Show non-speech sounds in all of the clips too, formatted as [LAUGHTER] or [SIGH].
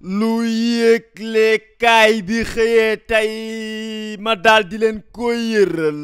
lu yëglekaay bi xëyee tey ma daal di leen ko yëral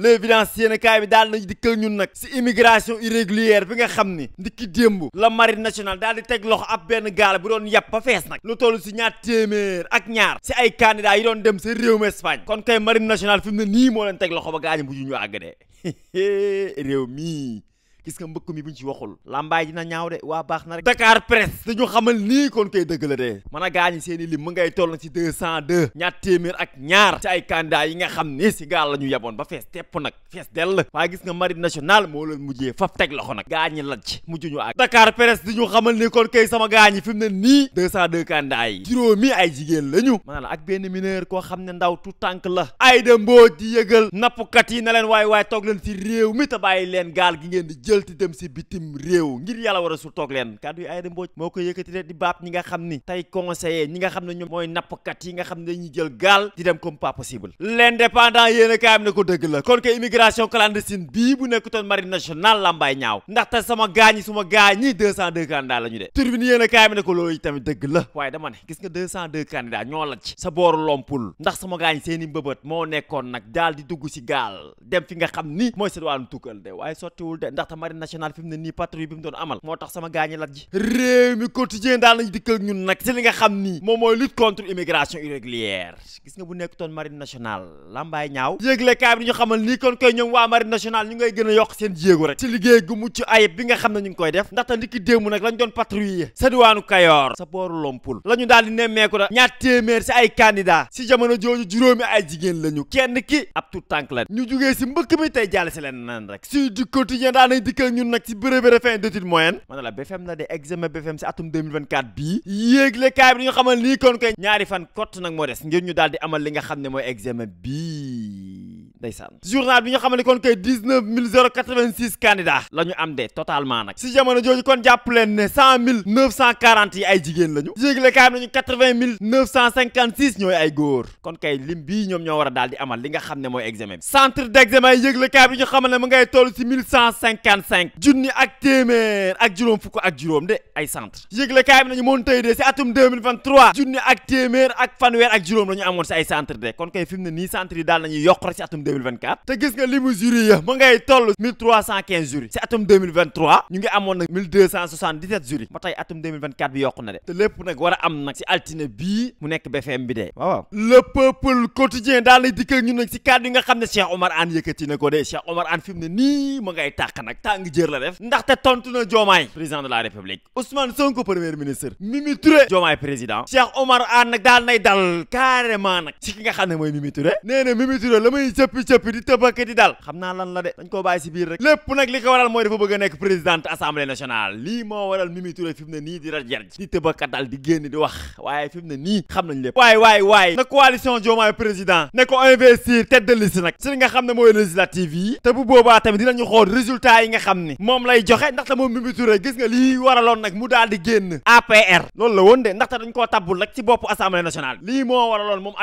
l'évidence yéen kaay bi daal nañu dikkal ñun nag si immigration irrégulière bi nga xam ni ndiki démb la marine nationale daal di teg loxo ab benn gaal bu doon yàpp ba fees nag lu toll si ñaar téeméer ak ñaar si ay candidats yi doon dem si réewum Espagne kon kay marine nationale fi mu nii moo leen teg loxo ba gaañu bu ñu ñu àgg de [LAUGHS] réew mii gis nga mbëkk mi buñ ci waxul lambaay dina ñaaw de waa baax na rek Dakar Presse dañu xamal nii kon koy dëgg la de mën a gaañi seen i lim mu ngay toll na ci deux cent deux ñaar téeméer ak ñaar ci ay candidat yi nga xam ni si gaal la ñu yeboon ba fees tepp nag fees dell waaye gis nga marine nationale moo leen mujjee faf teg loxo nag gaañi laj mujj ñu ak Dakar Presse di ñu xamal ni kon koy sama gaañi fi mu ne nii deux cent deux candidat yi juróomi ay jigéen la ñu benn mineur koo xam ne ndaw tout tànk la Aïda Mbodj di yëgal yi na leen waay waay toog leen ci réew mi te gaal gi ngeen jël ti dem si bitim réew ngir yàlla war a su toog leen kàddu yi Aïda Mbodj moo ko yëkkati de di baab ñi nga xam ni tey conseiller ñi nga xam ne ñoom mooy nappkat yi nga xam ne dañuy jël gaal di dem comme pas possible l'indépendant yéen a kaay am ne ko dëgg la kon que immigration clandestine bii bu nekkutoon marine nationale lambay ñaaw ndaxte sama gaañi suma gaañi 202 candidat la ñu de turbine yéen a kaay ne ko loolu tamit dëgg la waaye dama ne gis nga 202 candidat ñoo la ci sa moo nekkoon nag daal di dugg si gaal dem fi nga xam ni mooy seen wàllum tukkal de marine nationale fi mu ne nii patrouille bi mu doon amal moo tax sama gaañi lat ji réew mi quotidien daal nañ dikkal ñun nag si li nga xam nii moom mooy lutte contre immigration irrégulière gis nga bu nekk toon marine nationale lambaay ñaaw yéegle kaay bi ñu xamal nii kon koy ñoom waa marine nationale ñu ngay gën a yokk seen jéego rek ci liggéey gu mucc ayib bi nga xam ne ngi koy def ndaxte ndiki démb nag lañ doon patrouiller sa diwaanu Kayoor sa booru dikkal ñun nag ci brevet de fin d'études moyennes la BFM la de examen BFM si atum 2024 bii yéegle kaay bi ñu xamal nii kon koy ñaari fan kott nag moo des ngir ñu daal di amal li nga xam ne mooy examen bii ndeysaan bi nga xam ne kon kay 19086 candidats la ñu am de totalement nag si jamono jooju kon jàpp leen ne 100940 yi ay jigéen lañu yéeglekaay am nañu 80956 ñooy ay góor kon kay lim bii ñoom ñoo war a daal di amal li nga xam ne mooy examen bi centre d'examen yi yéeglekaay bi ñu xam ne mu ngay toll si 1155 junni ak téeméer ak juróom fukk ak juróom de ay centre yéeglekaay bi nañu moon tey de si atum 2023 2024 te gis nga limu jury ya ma ngay toll 1315 jury si atum ñu ngi amoon nag 1277 jury ba tey atum bi yokku de te lépp nag war a am nag si altine bii mu nekk BFM bi de waaw peuple quotidien daal lay dikkal ñun nag si cadre yi nga xam ne Cheikh Omar Anne yëkkati na ko de Cheikh Omar Anne fi mu nii ma ngay tàq nag tàng jër la def ndaxte tontu na Diomaye président de la République Ousmane Sonko premier ministre di cëppi di tëbëkk di dal xam naa lan la de dañ koo bàyyi si biir lépp nag li ko waral mooy dafa bëgg a nekk présidente assemblée nationale lii moo waral Mimi Touré fi nii di rajar ji di tëbëkk dal di génn di wax waaye fi mu nii xam nañ lépp waay waay na coalition Diomaye président ne ko investir tête de liste nag si nga xam ne mooy législative yi te bu boobaa tamit dinañu xool résultat yi nga xam ni moom lay joxe ndaxte moom Mimi gis nga la woon de ndaxte dañ koo tabbul rek ci bopp assemblée nationale lii moo waraloon moom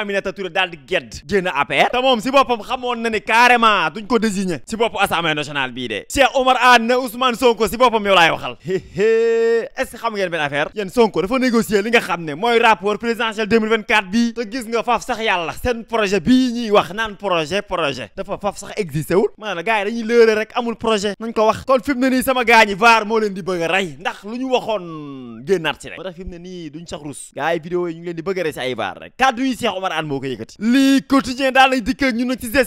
xamoon na ni carrément duñ ko désigné si bopp assemblée nationale bii de Cheikh Omar Anne ne Ousmane Sonko si boppam yow laay waxal est-ce que xam ngeen benn affaire yéen Sonko dafa négocier li nga xam ne mooy rapport présidentiel 2024 bii te gis nga faaf sax yàlla seen projet bii ñuy wax naan projet projet dafa faaf sax existé wul ma ne la gars yi dañuy lëre rek amul projet nañ ko wax kon fi ne nii sama gars ñi moo leen di bëgg a rey ndax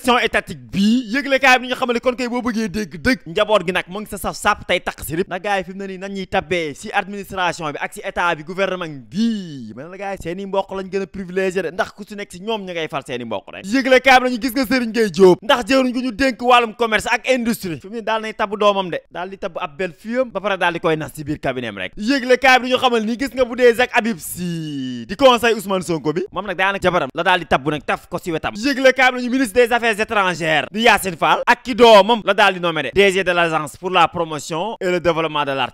a élection étatique bii yëglekaay bi ñu xamal ne kon kay boo bëggee dégg dëgg njaboot gi nag mu sa saf sàpp tey taq si rip na gars yi fi mu ne si administration bi ak si état bi gouvernement bi man la gars yi seen i gën a privilégié de ndax ku si nekk si ñoom ñu ngay fal seen i rek yëglekaay bi nañu gis nga Serigne Gueye Diop ndax jëwriñ gu ñu dénk wàllum commerce ak industrie fi mu daal nay tabb doomam de daal di tabb ab bel fiyam ba pare étrangères di Yacine Fall ak ki doomam la daal di nommé de DG de l' pour la promotion et le développement de l'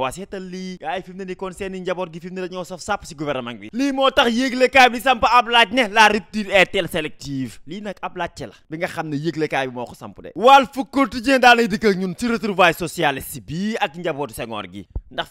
waa seetal lii gars yi ne ni kon seen i njaboot gi fi mu ne dañoo saf sàpp si gouvernement bi lii moo tax yéeglekaay bi di samp ab laaj ne la rupture est telle sélective lii nag ab laajte la bi nga xam ne yéeglekaay bi moo ko samp de Walf Quotidien daa lay dikkal ñun ci retrouvailles socialistes bi ak njabootu Senghor gi ndax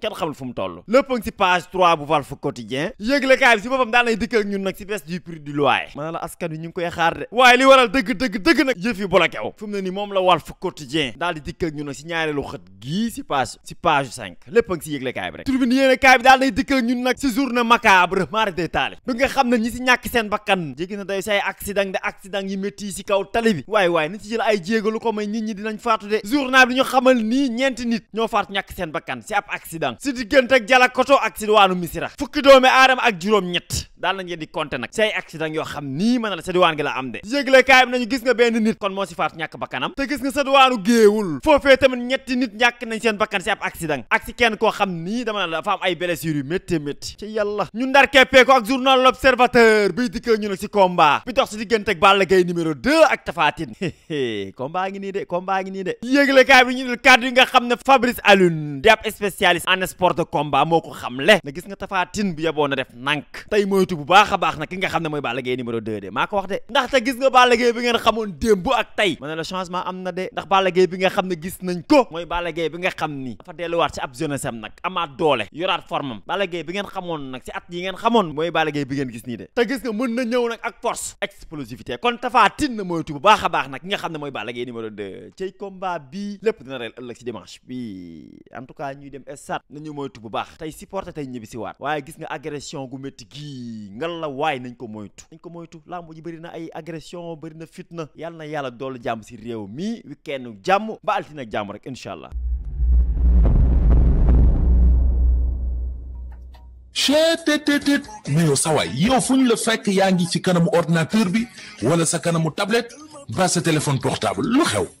kenn xamul fu mu toll lépp a ngi si page 3 bu Walf Quotidien yëglekaay bi si boppam daan lay dikk ak ñun nag si baisse du prix du loyer ma ne la askan wi ñu koy xaar de waaye li waral dëgg dëgg dëgg nag yëf yi bloqué wu fu ne ni moom la Walf Quotidien daal di ñun nag si ñaareelu xët gii si page si page 5 lépp a ngi si bi rek tribune yéenekaay bi daal lay dikk ñun nag si journée macabre mari day taali bi nga xam ne ñi si Soudan si diggante ak Jalakoto ak si diwaanu Misira fukki doomi aadama ak juróom-ñett daal nañ di compter nag say accident yoo xam nii mën na la sa gi la am de yëgle bi nañu gis nga yu nga xam ne Fabrice Alioune di ab spécialiste arène sport de combat moo ko xamle na gis nga Tapha Tine bu yeboo na def nank tey moytu bu baax a baax na ki nga xam ne mooy Balla Gaye numéro 2 de maa ko wax de ndaxte gis nga Balla Gaye bi ngeen xamoon démb ak tey ma ne la changement am na de ndax Balla Gaye bi nga xam ne gis nañ ko mooy Balla Gaye bi nga xam ni dafa delluwaat ci ab jeunesse am nag amaat doole yoraat formam Balla Gaye bi ngeen xamoon nag ci at yi ngeen xamoon mooy Balla Gaye bi ngeen gis nii de te gis nga mën na ñëw nag ak force explosivité kon Tapha Tine na moytu bu baax a baax nag ki nga xam ne mooy Balla Gaye numéro 2 cey combat bii lépp dina reel ëllëg ci dimanche bi en tout cas ñuy dem stade nañu moytu bu baax tey supporter tey ñibbi si waat waaye gis nga agression gu métti gii ngal la waaye nañ ko moytu nañ ko moytu lamb ji bëri na ay agression bëri na fitna yàlla na yàlla doolu jàmm si réew mi week jàmm ba altine jàmm rek incha allah chetttt mais yow sa yow fu ñu la fekk yaa ngi ci kanamu ordinateur bi wala sa kanamu tablette ba sa téléphone portable lu xew